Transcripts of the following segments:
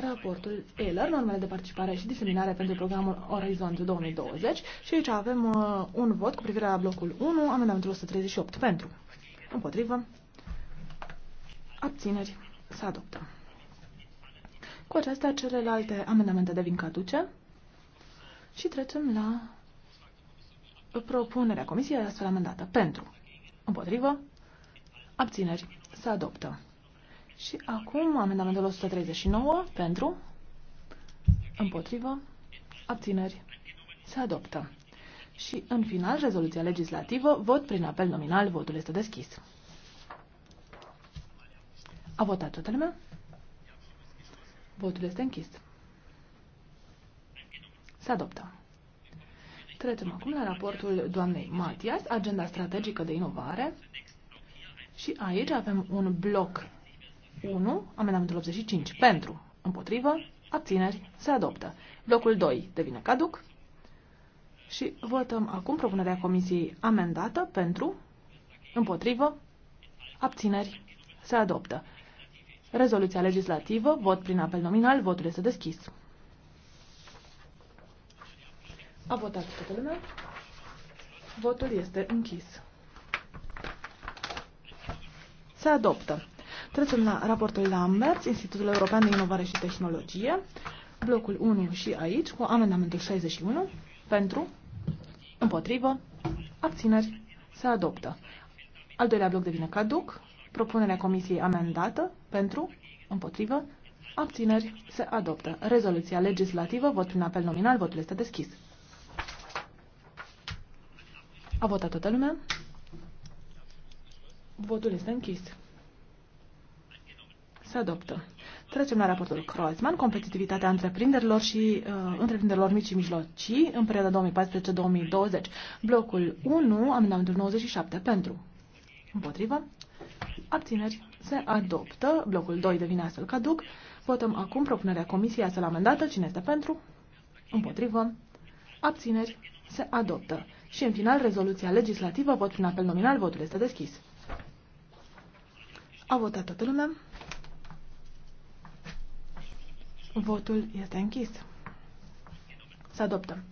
raportul ELER, normele de participare și diseminare pentru programul Orizont 2020 și aici avem uh, un vot cu privire la blocul 1, amendamentul 138 pentru, împotrivă, abțineri, Să adoptă. Cu acestea, celelalte amendamente devin caduce și trecem la propunerea Comisiei astfel amendată pentru, împotrivă, abțineri, Să adoptă. Și acum amendamentul 139 pentru, împotrivă, abțineri, se adoptă. Și în final, rezoluția legislativă, vot prin apel nominal, votul este deschis. A votat toată lumea? Votul este închis. Se adoptă. Trecem acum la raportul doamnei Matias, agenda strategică de inovare. Și aici avem un bloc 1, amendamentul 85, pentru, împotrivă, abțineri, se adoptă. Blocul 2 devine caduc și votăm acum propunerea comisiei amendată pentru, împotrivă, abțineri, se adoptă. Rezoluția legislativă, vot prin apel nominal, votul este deschis. A votat toată lumea. Votul este închis. Se adoptă. Trecem la raportul MERS, Institutul European de Inovare și Tehnologie, blocul 1 și aici, cu amendamentul 61, pentru, împotrivă, abțineri, se adoptă. Al doilea bloc devine caduc, propunerea comisiei amendată, pentru, împotrivă, abțineri, se adoptă. Rezoluția legislativă, vot prin apel nominal, votul este deschis. A votat toată lumea? Votul este închis. Se adoptă. Trecem la raportul Kreuzmann, competitivitatea întreprinderilor și uh, întreprinderilor mici și mijlocii în perioada 2014-2020. Blocul 1, amendamentul 97 pentru. Împotrivă. Abțineri. Se adoptă. Blocul 2 devine astfel caduc. Votăm acum propunerea comisiei astfel amendată. Cine este pentru? Împotrivă. Abțineri. Se adoptă. Și în final, rezoluția legislativă, vot prin apel nominal, votul este deschis. A votat toată lumea. Votul este închis. Să adoptăm.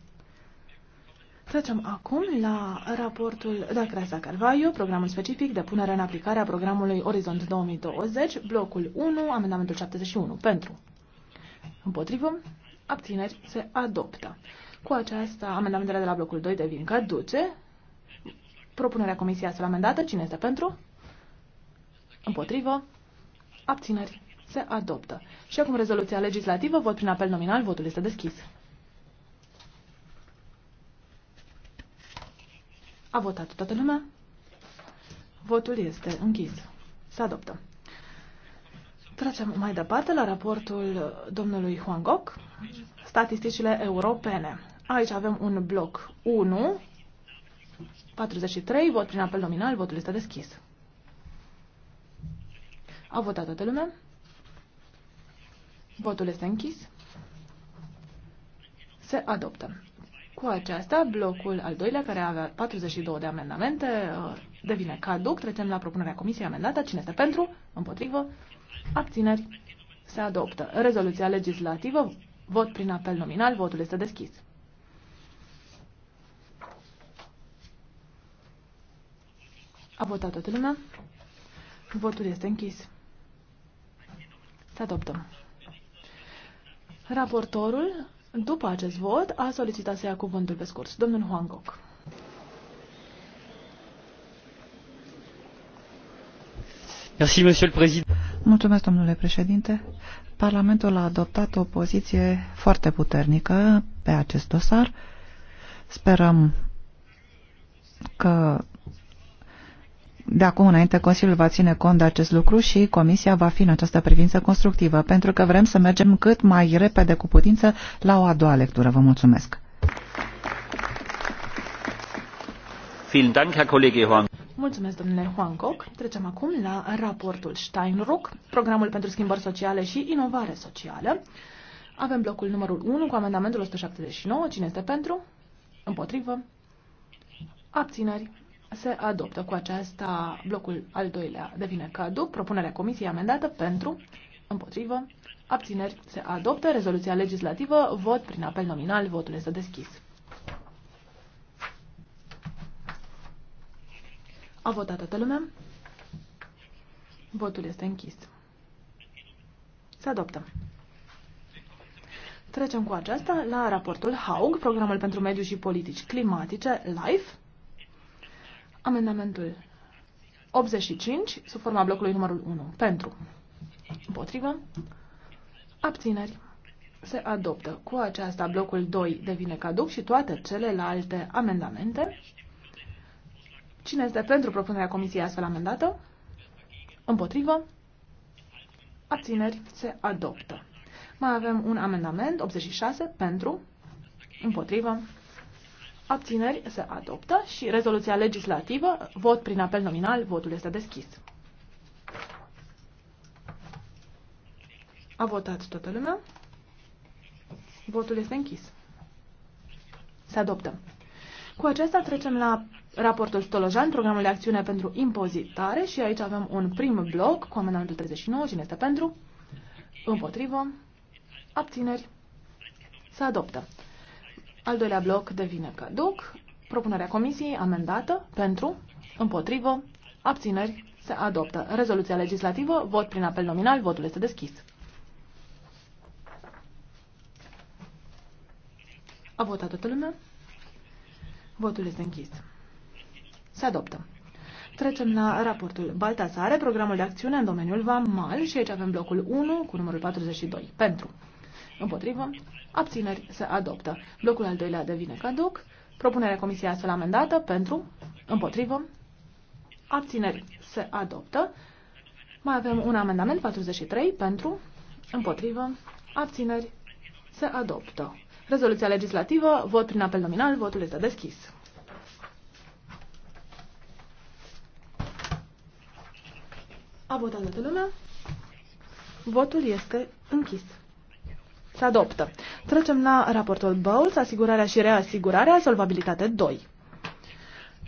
Trecem acum la raportul Dacrasa Carvaiu, programul specific de punere în aplicare a programului Orizont 2020, blocul 1, amendamentul 71. Pentru. Împotrivă. Abțineri se adoptă. Cu aceasta, amendamentele de la blocul 2 devin caduce. Propunerea comisiei astfel amendată. Cine este pentru? Împotrivă. Abțineri se adoptă. Și acum rezoluția legislativă, vot prin apel nominal, votul este deschis. A votat toată lumea? Votul este închis. Se adoptă. Trecem mai departe la raportul domnului Huang Gok, statisticile europene. Aici avem un bloc 1, 43, vot prin apel nominal, votul este deschis. A votat toată lumea? Votul este închis. Se adoptă. Cu aceasta, blocul al doilea, care avea 42 de amendamente, uh, devine caduc. Trecem la propunerea comisiei amendată. Cine este pentru? Împotrivă? Abțineri? Se adoptă. Rezoluția legislativă, vot prin apel nominal, votul este deschis. A votat toată lumea. Votul este închis. Se adoptă. Raportorul, după acest vot, a solicitat să ia cuvântul pe scurt. Domnul Huangok. Merci, monsieur le président. Mulțumesc, domnule președinte. Parlamentul a adoptat o poziție foarte puternică pe acest dosar. Sperăm că de acum înainte, Consiliul va ține cont de acest lucru și Comisia va fi în această privință constructivă, pentru că vrem să mergem cât mai repede cu putință la o a doua lectură. Vă mulțumesc! Mulțumesc, domnule Huancoc. Trecem acum la raportul Steinruck, programul pentru schimbări sociale și inovare socială. Avem blocul numărul 1 cu amendamentul 179. Cine este pentru? Împotrivă? Abțineri? se adoptă. Cu aceasta, blocul al doilea devine caduc. Propunerea comisiei amendată pentru, împotrivă, abțineri se adoptă. Rezoluția legislativă, vot prin apel nominal, votul este deschis. A votat toată lumea. Votul este închis. Se adoptă. Trecem cu aceasta la raportul HAUG, programul pentru mediu și politici climatice, LIFE. Amendamentul 85, sub forma blocului numărul 1. Pentru. Împotrivă. Abțineri. Se adoptă. Cu aceasta blocul 2 devine caduc și toate celelalte amendamente. Cine este pentru propunerea comisiei astfel amendată? Împotrivă. Abțineri. Se adoptă. Mai avem un amendament, 86, pentru. Împotrivă. Abțineri se adoptă și rezoluția legislativă, vot prin apel nominal, votul este deschis. A votat toată lumea. Votul este închis. Se adoptă. Cu acesta trecem la raportul Stolojan, programul de acțiune pentru impozitare și aici avem un prim bloc cu amendamentul 39. Cine este pentru? Împotrivă? Abțineri? Se adoptă. Al doilea bloc devine caduc. Propunerea comisiei amendată pentru, împotrivă, abțineri se adoptă. Rezoluția legislativă, vot prin apel nominal, votul este deschis. A votat toată lumea? Votul este închis. Se adoptă. Trecem la raportul Baltasare, programul de acțiune în domeniul VAMAL și aici avem blocul 1 cu numărul 42. Pentru. Împotrivă. Abțineri se adoptă. Blocul al doilea devine caduc. Propunerea comisiei astfel amendată pentru. Împotrivă. Abțineri se adoptă. Mai avem un amendament 43 pentru. Împotrivă. Abțineri se adoptă. Rezoluția legislativă, vot prin apel nominal, votul este deschis. A votat toată lumea. Votul este închis. Se adoptă. Trecem la raportul Bowles, asigurarea și reasigurarea, solvabilitate 2.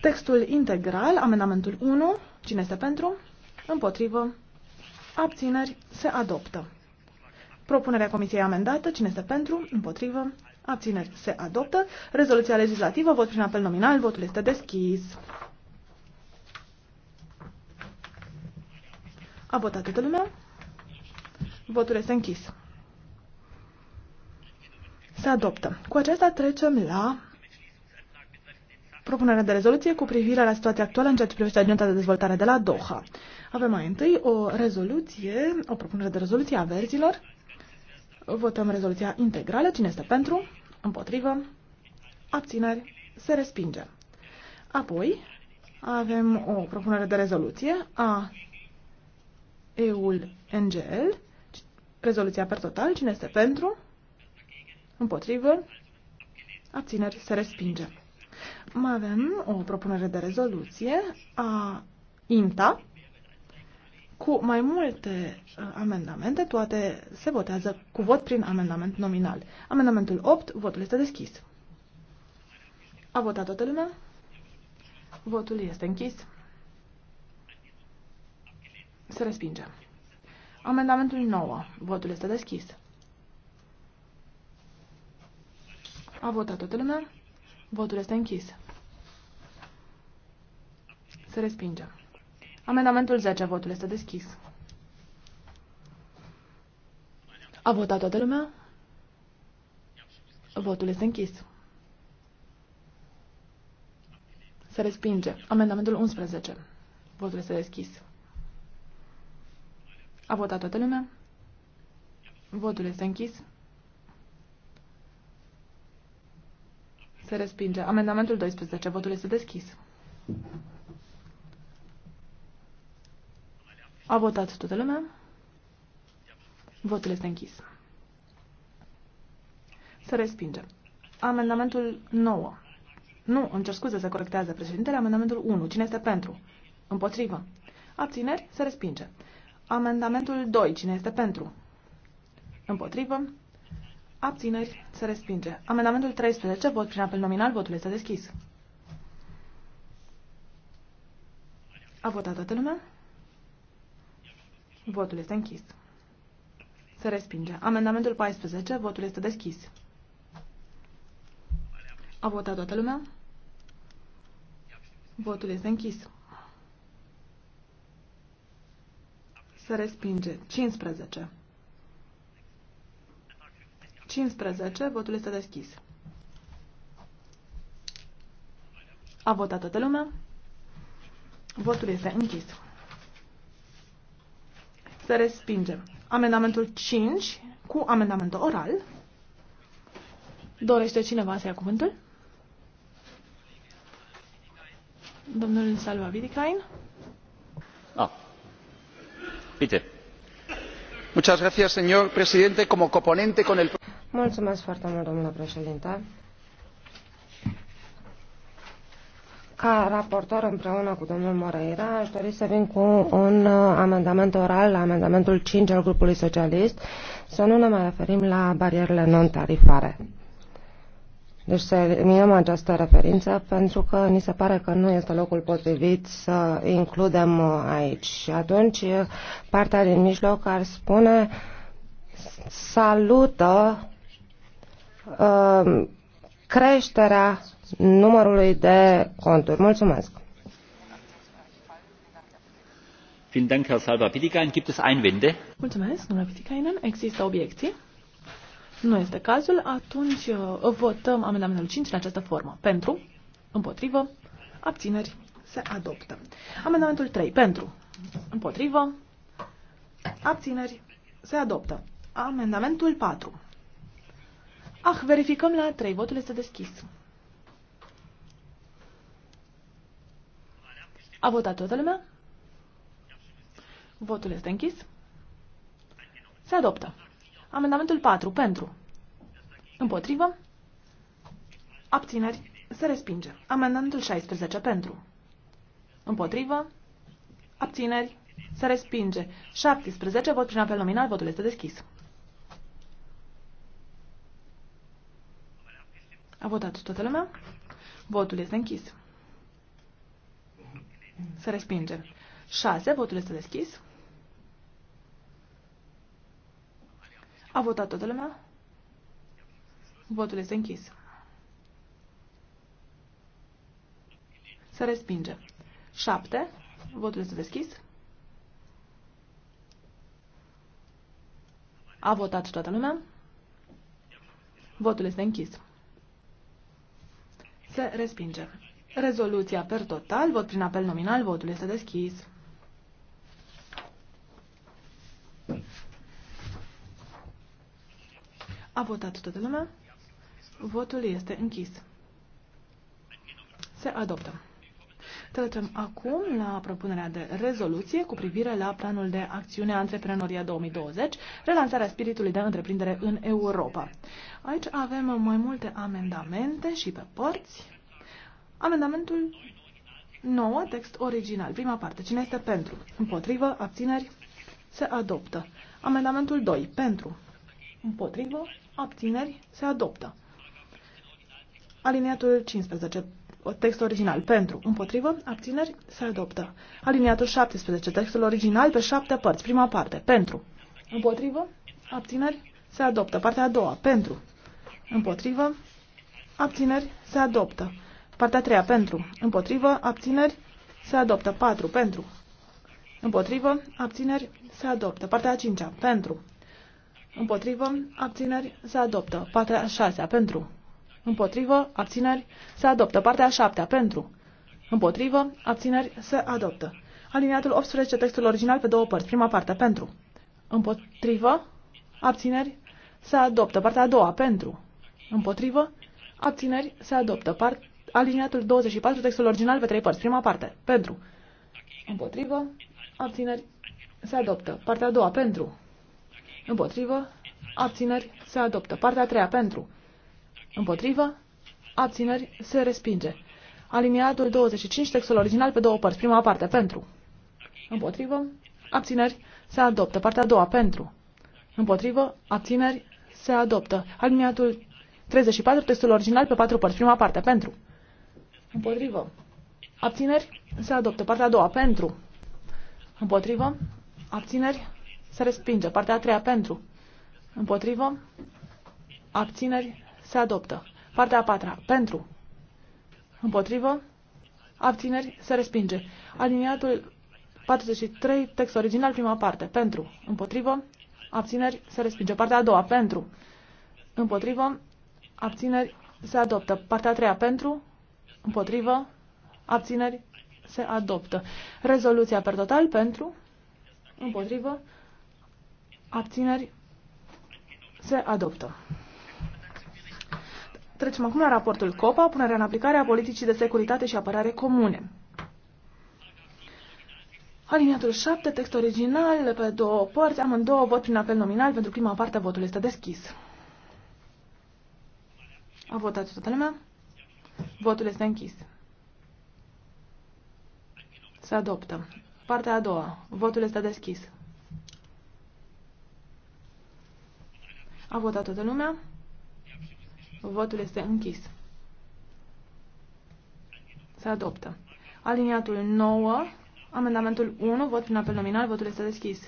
Textul integral, amendamentul 1, cine este pentru? Împotrivă. Abțineri. Se adoptă. Propunerea comisiei amendată, cine este pentru? Împotrivă. Abțineri. Se adoptă. Rezoluția legislativă, vot prin apel nominal, votul este deschis. A votat toată lumea? Votul este închis. Se adoptă. Cu aceasta trecem la propunerea de rezoluție cu privire la situația actuală în ceea ce privește agenda de dezvoltare de la Doha. Avem mai întâi o rezoluție, o propunere de rezoluție a verzilor. Votăm rezoluția integrală. Cine este pentru? Împotrivă? Abțineri? Se respinge. Apoi avem o propunere de rezoluție a EUL NGL. Rezoluția per total. Cine este pentru? Împotrivă. Abțineri. Se respinge. Mai avem o propunere de rezoluție a INTA cu mai multe uh, amendamente, toate se votează cu vot prin amendament nominal. Amendamentul 8, votul este deschis. A votat toată lumea? Votul este închis. Se respinge. Amendamentul 9, votul este deschis. A votat toată lumea? Votul este închis. Se respinge. Amendamentul 10. Votul este deschis. A votat toată lumea? Votul este închis. Se respinge. Amendamentul 11. Votul este deschis. A votat toată lumea? Votul este închis. Se respinge. Amendamentul 12. Votul este deschis. A votat toată lumea. Votul este închis. Se respinge. Amendamentul 9. Nu, îmi cer scuze, se corectează președintele. Amendamentul 1. Cine este pentru? Împotrivă. Abțineri? Se respinge. Amendamentul 2. Cine este pentru? Împotrivă. Abțineri. Se respinge. Amendamentul 13. Vot prin apel nominal. Votul este deschis. A votat toată lumea? Votul este închis. Se respinge. Amendamentul 14. Votul este deschis. A votat toată lumea? Votul este închis. Se respinge. 15. 15. Votul este deschis. A votat toată lumea. Votul este închis. Se respinge. Amendamentul 5 cu amendamentul oral. Dorește cineva să ia cuvântul? Domnul Salva Vidicain. Ah. Bine. Muchas gracias, señor presidente. Como coponente con el... Mulțumesc foarte mult, domnule președinte. Ca raportor împreună cu domnul Moreira, aș dori să vin cu un uh, amendament oral, amendamentul 5 al grupului socialist, să nu ne mai referim la barierele non-tarifare. Deci să eliminăm această referință pentru că ni se pare că nu este locul potrivit să includem uh, aici. Și atunci uh, partea din mijloc ar spune salută Ehm, creșterea numărului de conturi. Mulțumesc! Vielen Dank, Herr Salva Gibt es Einwände? Mulțumesc, domnule Pitikainen. Există obiecții? Nu este cazul. Atunci uh, votăm amendamentul 5 în această formă. Pentru, împotrivă, abțineri, se adoptă. Amendamentul 3. Pentru, împotrivă, abțineri, se adoptă. Amendamentul 4. Ah, verificăm la 3. Votul este deschis. A votat toată lumea? Votul este închis. Se adoptă. Amendamentul 4. Pentru. Împotrivă. Abțineri. Se respinge. Amendamentul 16. Pentru. Împotrivă. Abțineri. Se respinge. 17. Vot prin apel nominal. Votul este deschis. A votat toată lumea? Votul este închis. Se respinge. 6. Votul este deschis. A votat toată lumea? Votul este închis. Se respinge. 7. Votul este deschis. A votat toată lumea? Votul este închis. Se respinge. Rezoluția per total, vot prin apel nominal, votul este deschis. A votat toată lumea. Votul este închis. Se adoptă. Trecem acum la propunerea de rezoluție cu privire la planul de acțiune Antreprenoria 2020, relansarea spiritului de întreprindere în Europa. Aici avem mai multe amendamente și pe părți. Amendamentul 9, text original, prima parte. Cine este pentru? Împotrivă, abțineri, se adoptă. Amendamentul 2, pentru. Împotrivă, abțineri, se adoptă. Aliniatul 15, Textul original pentru, împotrivă, abțineri, se adoptă. Aliniatul 17, textul original pe șapte părți. Prima parte, pentru, împotrivă, abțineri, se adoptă. Partea a doua, pentru, împotrivă, abțineri, se adoptă. Partea a treia, pentru, împotrivă, abțineri, se adoptă. 4, pentru, împotrivă, abțineri, se adoptă. Partea a cincea, pentru, împotrivă, abțineri, se adoptă. Partea a șasea, pentru, împotrivă, abțineri, se adoptă. Partea a pentru, împotrivă, abțineri, se adoptă. Aliniatul 18, textul original pe două părți. Prima parte, pentru, împotrivă, abțineri, se adoptă. Partea a doua, pentru, împotrivă, abțineri, se adoptă. Part... Aliniatul 24, textul original pe trei părți. Prima parte, pentru, împotrivă, abțineri, se adoptă. Partea a doua, pentru, împotrivă, abțineri, se adoptă. Partea a treia, pentru, Împotrivă. Abțineri. Se respinge. Aliniatul 25, textul original pe două părți. Prima parte pentru. Împotrivă. Abțineri. Se adoptă. Partea a doua pentru. Împotrivă. Abțineri. Se adoptă. Aliniatul 34, textul original pe patru părți. Prima parte pentru. Împotrivă. Abțineri. Se adoptă. Partea a doua pentru. Împotrivă. Abțineri. Se respinge. Partea a treia pentru. Împotrivă. Abțineri. Se adoptă. Partea a patra. Pentru. Împotrivă. Abțineri. Se respinge. Aliniatul 43, text original, prima parte. Pentru. Împotrivă. Abțineri. Se respinge. Partea a doua. Pentru. Împotrivă. Abțineri. Se adoptă. Partea a treia. Pentru. Împotrivă. Abțineri. Se adoptă. Rezoluția per total. Pentru. Împotrivă. Abțineri. Se adoptă. Trecem acum la raportul COPA, punerea în aplicare a politicii de securitate și apărare comune. Aliniatul 7, text original, pe două părți, amândouă vot prin apel nominal. Pentru prima parte, votul este deschis. A votat toată lumea? Votul este închis. Se adoptă. Partea a doua. Votul este deschis. A votat toată lumea? Votul este închis. Se adoptă. Aliniatul 9, amendamentul 1, vot prin apel nominal, votul este deschis.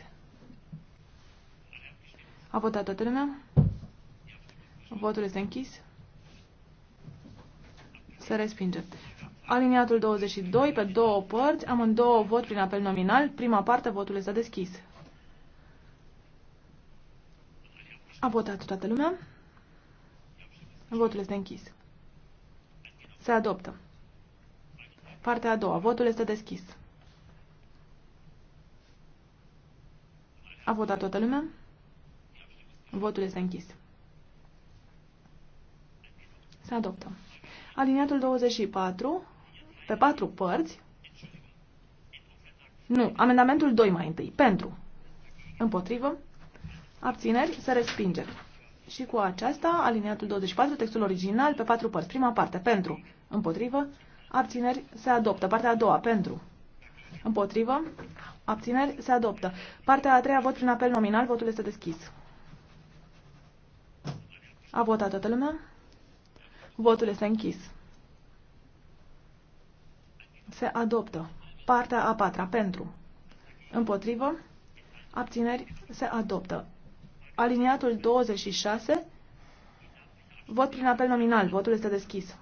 A votat toată lumea? Votul este închis. Se respinge. Aliniatul 22, pe două părți, amândouă vot prin apel nominal. Prima parte, votul este deschis. A votat toată lumea? Votul este închis. Se adoptă. Partea a doua. Votul este deschis. A votat toată lumea? Votul este închis. Se adoptă. Aliniatul 24, pe patru părți. Nu, amendamentul 2 mai întâi. Pentru. Împotrivă. Abțineri. Se respinge. Și cu aceasta, aliniatul 24, textul original, pe patru părți. Prima parte, pentru. Împotrivă. Abțineri, se adoptă. Partea a doua, pentru. Împotrivă. Abțineri, se adoptă. Partea a treia, vot prin apel nominal. Votul este deschis. A votat toată lumea? Votul este închis. Se adoptă. Partea a patra, pentru. Împotrivă. Abțineri, se adoptă. Aliniatul 26. Vot prin apel nominal. Votul este deschis.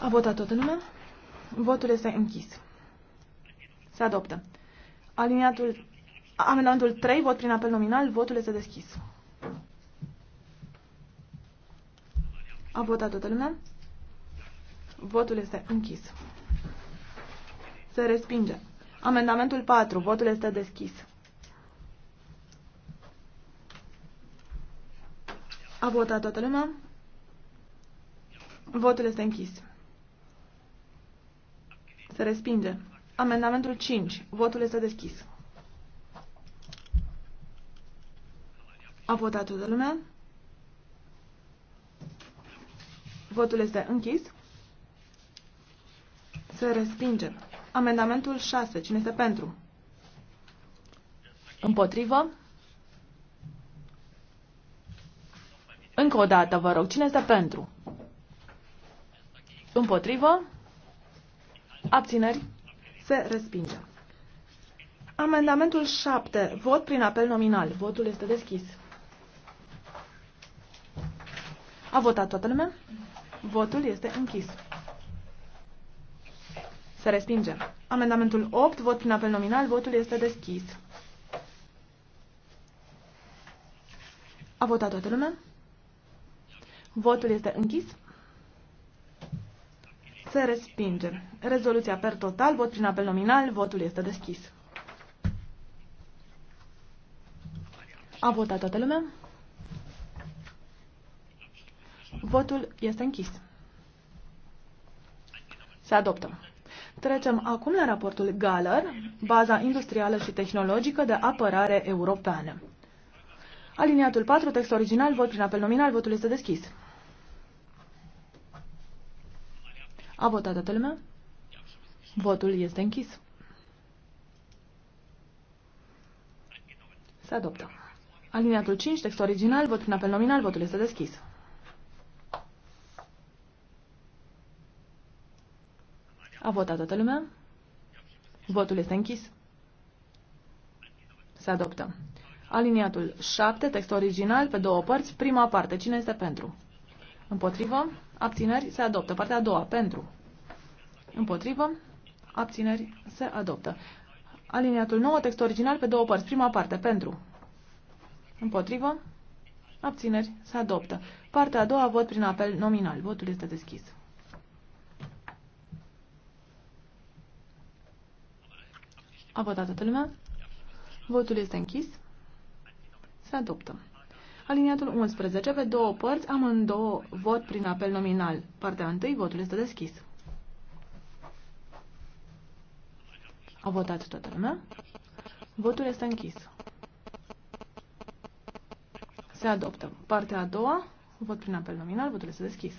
A votat toată lumea. Votul este închis. Se adoptă. Aliniatul, amendamentul 3, vot prin apel nominal, votul este deschis. A votat toată lumea. Votul este închis. Se respinge. Amendamentul 4. Votul este deschis. A votat toată lumea? Votul este închis. Se respinge. Amendamentul 5. Votul este deschis. A votat toată lumea? Votul este închis. Se respinge. Amendamentul 6. Cine este pentru? Împotrivă? Încă o dată, vă rog. Cine este pentru? Împotrivă? Abțineri? Se respinge. Amendamentul 7. Vot prin apel nominal. Votul este deschis. A votat toată lumea? Votul este închis. Se respinge. Amendamentul 8, vot prin apel nominal, votul este deschis. A votat toată lumea? Votul este închis. Se respinge. Rezoluția per total, vot prin apel nominal, votul este deschis. A votat toată lumea? Votul este închis. Se adoptă. Trecem acum la raportul Galler, baza industrială și tehnologică de apărare europeană. Aliniatul 4, text original, vot prin apel nominal, votul este deschis. A votat toată lumea? Votul este închis. Se adoptă. Aliniatul 5, text original, vot prin apel nominal, votul este deschis. A votat toată lumea? Votul este închis. Se adoptă. Aliniatul 7, text original, pe două părți, prima parte. Cine este pentru? Împotrivă. Abțineri. Se adoptă. Partea a doua. Pentru. Împotrivă. Abțineri. Se adoptă. Aliniatul 9, text original, pe două părți. Prima parte. Pentru. Împotrivă. Abțineri. Se adoptă. Partea a doua, vot prin apel nominal. Votul este deschis. A votat toată lumea? Votul este închis. Se adoptă. Aliniatul 11, pe două părți, amândouă vot prin apel nominal. Partea 1, votul este deschis. A votat toată lumea. Votul este închis. Se adoptă. Partea a doua, vot prin apel nominal, votul este deschis.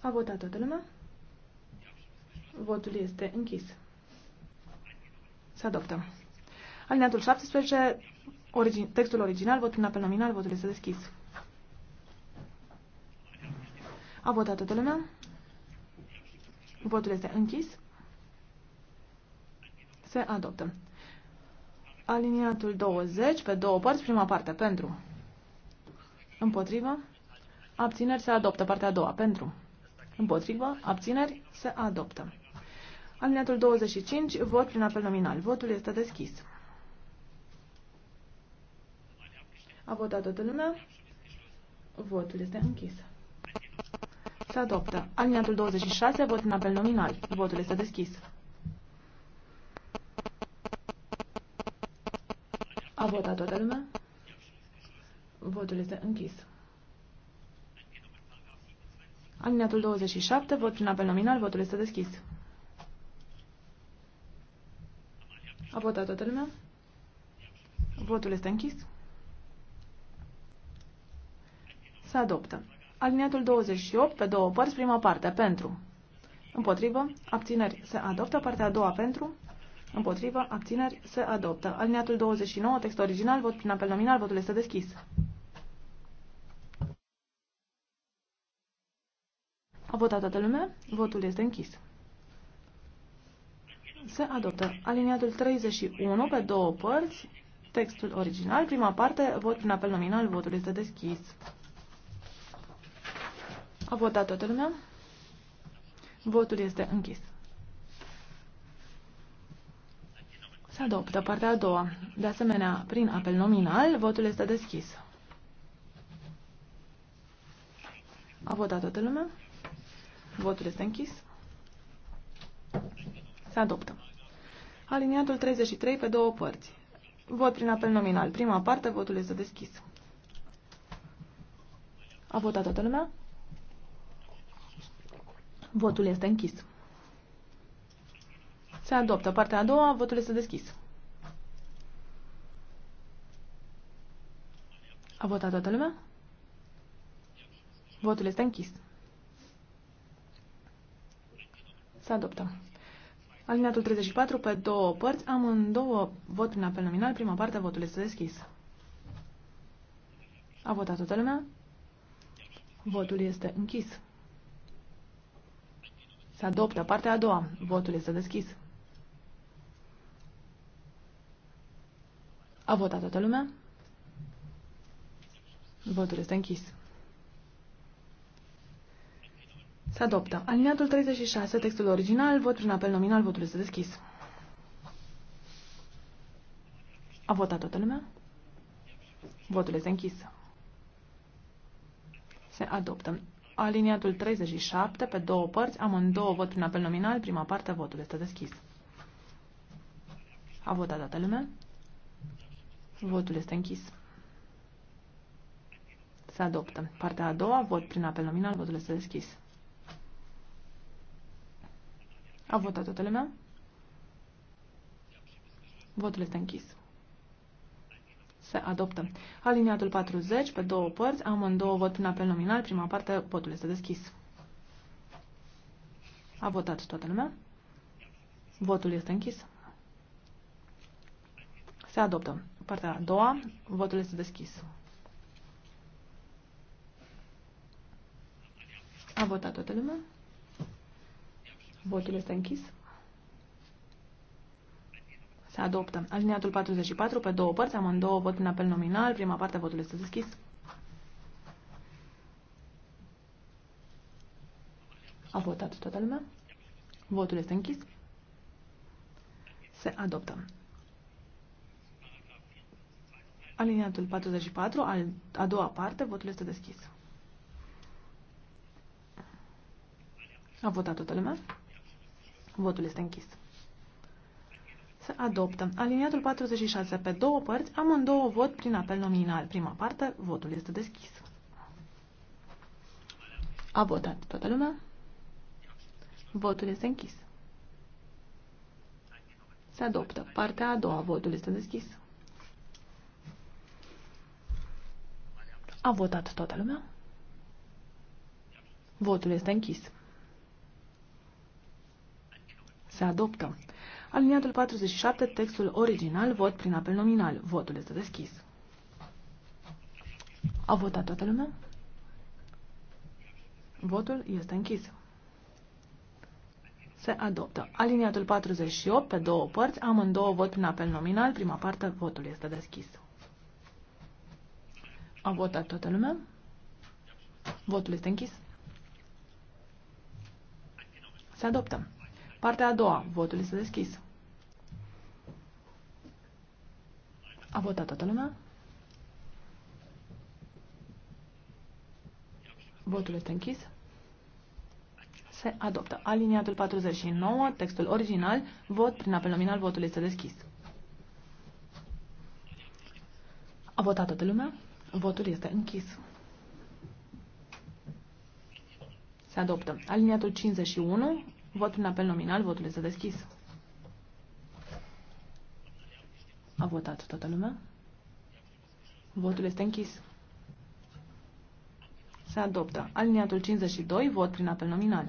A votat toată lumea. Votul este închis. Se adoptă. Alineatul 17, origi, textul original, votul în apel nominal, votul este deschis. A votat toată lumea. Votul este închis. Se adoptă. Aliniatul 20, pe două părți, prima parte, pentru. Împotrivă. Abțineri se adoptă. Partea a doua, pentru. Împotrivă. Abțineri se adoptă. Alineatul 25, vot prin apel nominal. Votul este deschis. A votat toată lumea. Votul este închis. Se adoptă. Alineatul 26, vot în apel nominal. Votul este deschis. A votat toată lumea. Votul este închis. Alineatul 27, vot prin apel nominal. Votul este deschis. A votat toată lumea? Votul este închis. Se adoptă. Aliniatul 28 pe două părți, prima parte pentru. Împotrivă, abțineri se adoptă, partea a doua pentru. Împotrivă, abțineri se adoptă. Aliniatul 29, text original, vot prin apel nominal, votul este deschis. A votat toată lumea, votul este închis. Se adoptă aliniatul 31 pe două părți, textul original. Prima parte, vot prin apel nominal, votul este deschis. A votat toată lumea? Votul este închis. Se adoptă partea a doua. De asemenea, prin apel nominal, votul este deschis. A votat toată lumea? Votul este închis. Se adoptă. Aliniatul 33 pe două părți. Vot prin apel nominal. Prima parte, votul este deschis. A votat toată lumea? Votul este închis. Se adoptă. Partea a doua, votul este deschis. A votat toată lumea? Votul este închis. Se adoptă. Alineatul 34 pe două părți, am două vot prin apel nominal, prima parte votul este deschis. A votat toată lumea? Votul este închis. Se adoptă partea a doua. Votul este deschis. A votat toată lumea? Votul este închis. Se adoptă. Aliniatul 36, textul original, vot prin apel nominal, votul este deschis. A votat toată lumea? Votul este închis. Se adoptă. Aliniatul 37, pe două părți, amândouă vot prin apel nominal, prima parte, votul este deschis. A votat toată lumea? Votul este închis. Se adoptă. Partea a doua, vot prin apel nominal, votul este deschis. A votat toată lumea? Votul este închis. Se adoptă. Aliniatul 40 pe două părți, două vot prin apel nominal. Prima parte, votul este deschis. A votat toată lumea? Votul este închis. Se adoptă. Partea a doua, votul este deschis. A votat toată lumea? Votul este închis. Se adoptă. Alineatul 44 pe două părți, amândouă vot în apel nominal. Prima parte, votul este deschis. A votat toată lumea. Votul este închis. Se adoptă. Aliniatul 44, al, a doua parte, votul este deschis. A votat toată lumea. Votul este închis. Se adoptă. Aliniatul 46 pe două părți, amândouă vot prin apel nominal. Prima parte, votul este deschis. A votat toată lumea. Votul este închis. Se adoptă. Partea a doua, votul este deschis. A votat toată lumea. Votul este închis. Se adoptă. Aliniatul 47, textul original, vot prin apel nominal. Votul este deschis. A votat toată lumea? Votul este închis. Se adoptă. Aliniatul 48, pe două părți, amândouă vot prin apel nominal. Prima parte, votul este deschis. A votat toată lumea? Votul este închis. Se adoptă. Partea a doua. Votul este deschis. A votat toată lumea? Votul este închis. Se adoptă. Aliniatul 49, textul original, vot prin apel nominal, votul este deschis. A votat toată lumea? Votul este închis. Se adoptă. Aliniatul 51, Vot prin apel nominal, votul este deschis. A votat toată lumea? Votul este închis. Se adoptă. Aliniatul 52, vot prin apel nominal.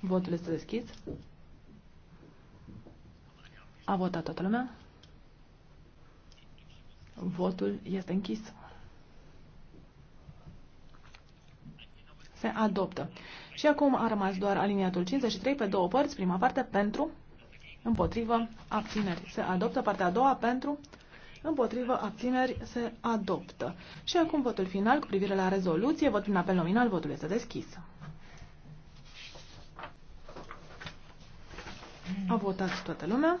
Votul este deschis. A votat toată lumea? Votul este închis. se adoptă. Și acum a rămas doar aliniatul 53 pe două părți, prima parte pentru, împotrivă, abțineri se adoptă, partea a doua pentru, împotrivă, abțineri se adoptă. Și acum votul final cu privire la rezoluție, vot prin apel nominal, votul este deschis. A votat toată lumea.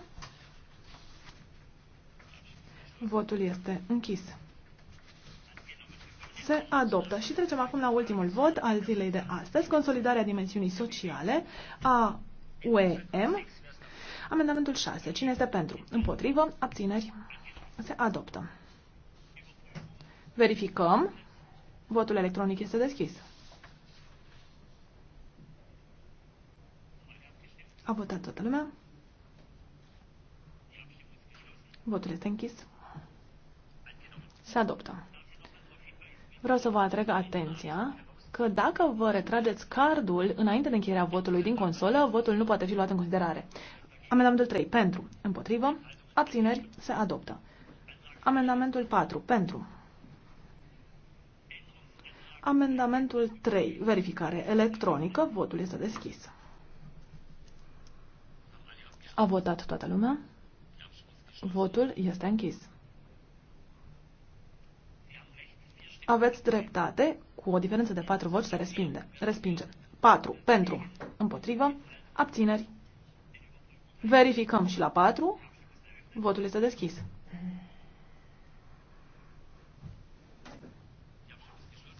Votul este închis se adoptă. Și trecem acum la ultimul vot al zilei de astăzi, consolidarea dimensiunii sociale a UEM. Amendamentul 6. Cine este pentru? Împotrivă? Abțineri? Se adoptă. Verificăm. Votul electronic este deschis. A votat toată lumea. Votul este închis. Se adoptă. Vreau să vă atrag atenția că dacă vă retrageți cardul înainte de încheierea votului din consolă, votul nu poate fi luat în considerare. Amendamentul 3. Pentru. Împotrivă. Abțineri. Se adoptă. Amendamentul 4. Pentru. Amendamentul 3. Verificare electronică. Votul este deschis. A votat toată lumea. Votul este închis. Aveți dreptate, cu o diferență de 4 voci se respinge. respinge. 4 pentru, împotrivă, abțineri. Verificăm și la 4. Votul este deschis.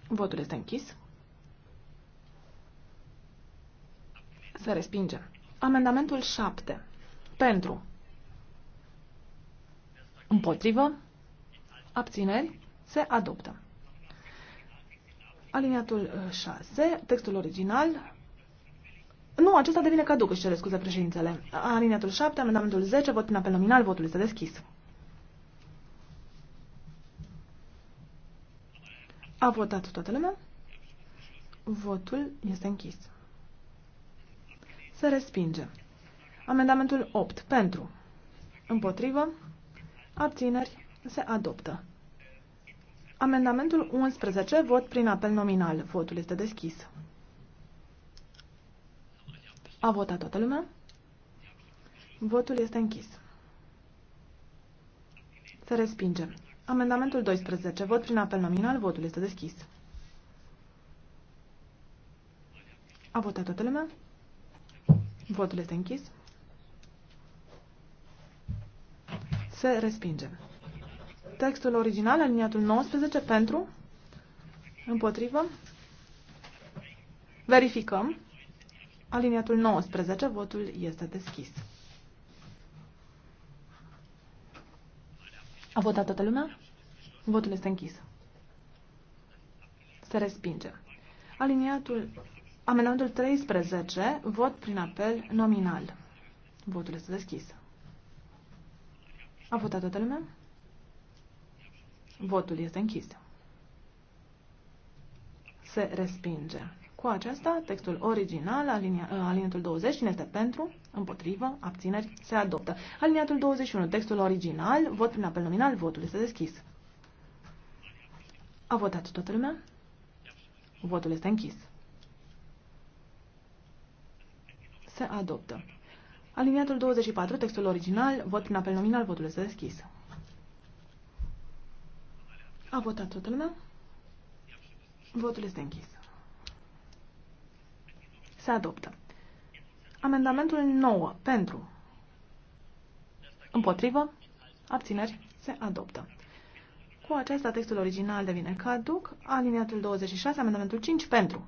Votul este închis. Se respinge. Amendamentul 7. Pentru. Împotrivă. Abțineri. Se adoptă. Aliniatul 6, uh, textul original. Nu, acesta devine caduc, își cere scuze președintele. Aliniatul 7, amendamentul 10, vot prin apel nominal, votul este deschis. A votat toată lumea. Votul este închis. Se respinge. Amendamentul 8. Pentru. Împotrivă. Abțineri. Se adoptă. Amendamentul 11, vot prin apel nominal. Votul este deschis. A votat toată lumea? Votul este închis. Se respinge. Amendamentul 12, vot prin apel nominal. Votul este deschis. A votat toată lumea? Votul este închis. Se respinge textul original, aliniatul 19, pentru, împotrivă, verificăm, aliniatul 19, votul este deschis. A votat toată lumea? Votul este închis. Se respinge. Aliniatul, amendamentul 13, vot prin apel nominal. Votul este deschis. A votat toată lumea? Votul este închis. Se respinge. Cu aceasta, textul original, alinia, uh, aliniatul 20, cine este pentru, împotrivă, abțineri, se adoptă. Aliniatul 21, textul original, vot prin apel nominal, votul este deschis. A votat toată lumea? Votul este închis. Se adoptă. Aliniatul 24, textul original, vot prin apel nominal, votul este deschis. A votat toată lumea? Votul este închis. Se adoptă. Amendamentul 9. Pentru. Împotrivă. Abțineri. Se adoptă. Cu aceasta textul original devine caduc. Aliniatul 26, amendamentul 5. Pentru.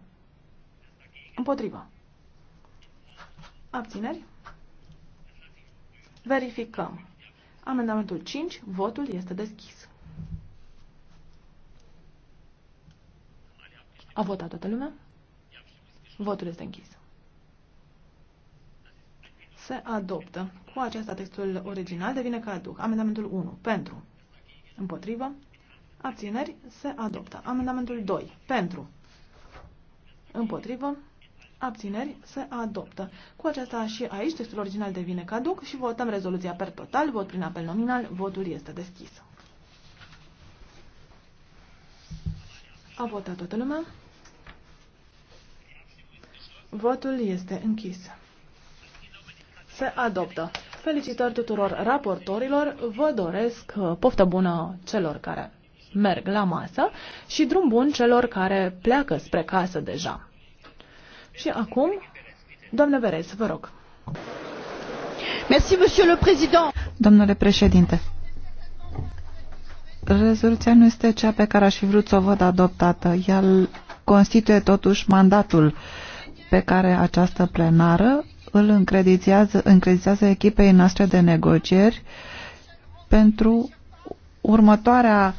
Împotrivă. Abțineri. Verificăm. Amendamentul 5. Votul este deschis. A votat toată lumea? Votul este închis. Se adoptă. Cu aceasta textul original devine ca aduc. Amendamentul 1. Pentru. Împotrivă. Abțineri. Se adoptă. Amendamentul 2. Pentru. Împotrivă. Abțineri se adoptă. Cu aceasta și aici textul original devine caduc și votăm rezoluția per total, vot prin apel nominal, votul este deschis. A votat toată lumea. Votul este închis. Se adoptă. Felicitări tuturor raportorilor. Vă doresc uh, poftă bună celor care merg la masă și drum bun celor care pleacă spre casă deja. Și acum, doamne Berez, vă rog. Merci, monsieur le président. Domnule președinte, rezoluția nu este cea pe care aș fi vrut să o văd adoptată. Ea constituie totuși mandatul pe care această plenară îl încredițează, încredițează echipei noastre de negocieri pentru următoarea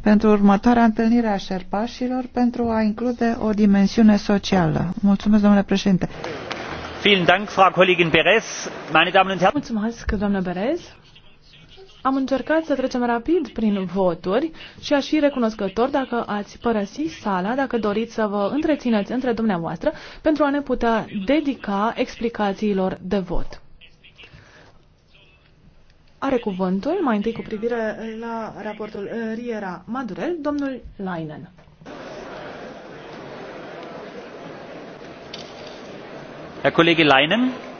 pentru următoarea întâlnire a șerpașilor pentru a include o dimensiune socială. Mulțumesc, domnule președinte. Mulțumesc, doamnă Berez. Am încercat să trecem rapid prin voturi și aș fi recunoscător dacă ați părăsi sala, dacă doriți să vă întrețineți între dumneavoastră, pentru a ne putea dedica explicațiilor de vot. Are cuvântul, mai întâi cu privire la raportul eh, Riera Madurel, domnul Lainen. Herr Kollege Leinen.